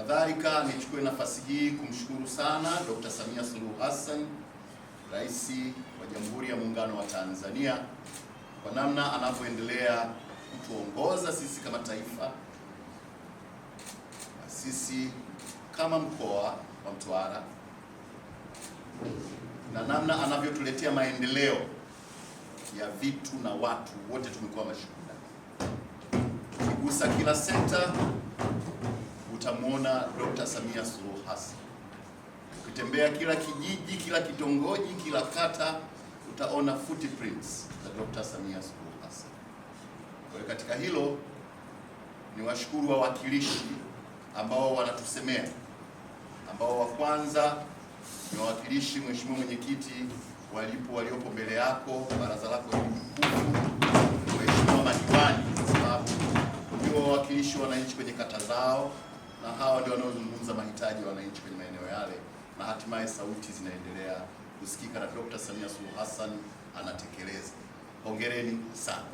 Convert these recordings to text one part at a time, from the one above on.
Kadhalika nichukue nafasi hii kumshukuru sana Dr. Samia Suluhu Hassan, Rais wa Jamhuri ya Muungano wa Tanzania kwa namna anavyoendelea kutuongoza sisi kama taifa na sisi kama mkoa wa Mtwara na namna anavyotuletea maendeleo ya vitu na watu wote. Tumekuwa mashuhuda kigusa kila sekta utamwona Dr. Samia Suluhu Hassan. Ukitembea kila kijiji, kila kitongoji, kila kata utaona footprints za Dr. Samia Suluhu Hassan. Kwa hiyo katika hilo ni washukuru wawakilishi ambao wanatusemea, ambao wa kwanza ni wawakilishi, Mheshimiwa Mwenyekiti, walipo waliopo mbele yako, baraza lako likufu, Mheshimiwa madiwani, kwa sababu ndio wawakilishi wananchi kwenye kata zao na hawa ndio wanaozungumza mahitaji ya wananchi kwenye maeneo yale, na hatimaye sauti zinaendelea kusikika na Dr. Samia Suluhu Hassan anatekeleza. Hongereni sana.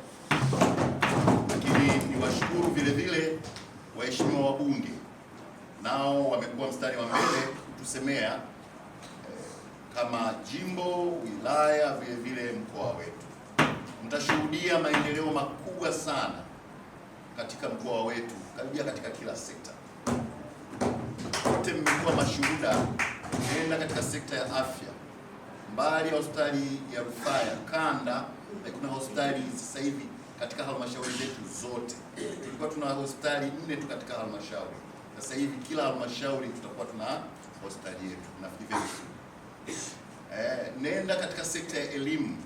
Lakini niwashukuru vile vile waheshimiwa wabunge, nao wamekuwa mstari wa mbele kutusemea eh, kama jimbo, wilaya, vile vile mkoa wetu. Mtashuhudia maendeleo makubwa sana katika mkoa wetu karibia katika kila sekta wote mmekuwa mashuhuda, tumeenda katika sekta ya afya, mbali ya hospitali ya rufaa ya kanda, eh, kuna hospitali sasa hivi katika halmashauri zetu zote. Tulikuwa tuna hospitali nne tu katika halmashauri, sasa hivi kila halmashauri tutakuwa tuna hospitali yetu. Nafikiri eh, nenda katika sekta ya elimu,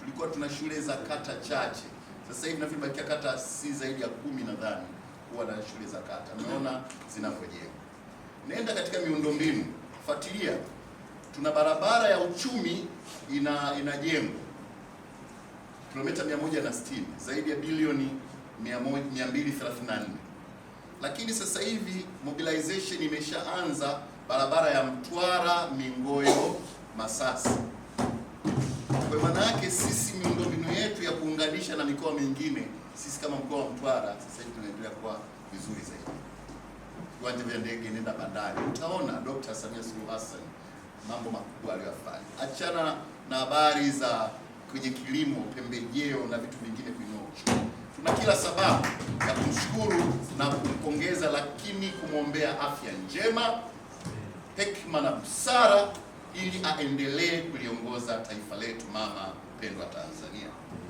tulikuwa tuna shule za kata chache, sasa hivi nafikiri bakia kata si zaidi ya kumi nadhani kuwa na shule za kata, naona zinavyojengwa Nenda katika miundombinu, fuatilia. Tuna barabara ya uchumi ina inajengwa kilomita 160 zaidi ya bilioni 234, lakini sasa hivi mobilization imeshaanza barabara ya Mtwara Mingoyo Masasi. Kwa maana yake sisi miundombinu yetu ya kuunganisha na mikoa mingine, sisi kama mkoa wa Mtwara sasa hivi tunaendelea kuwa vizuri zaidi viwanja vya ndege, nenda bandari, utaona Dr. Samia Suluhu Hassan mambo makubwa aliyofanya. Achana na habari za kwenye kilimo, pembejeo na vitu vingine kuinua uchumi. Tuna kila sababu ya kumshukuru na kumpongeza, lakini kumwombea afya njema, hekima na busara, ili aendelee kuliongoza taifa letu mama pendwa Tanzania.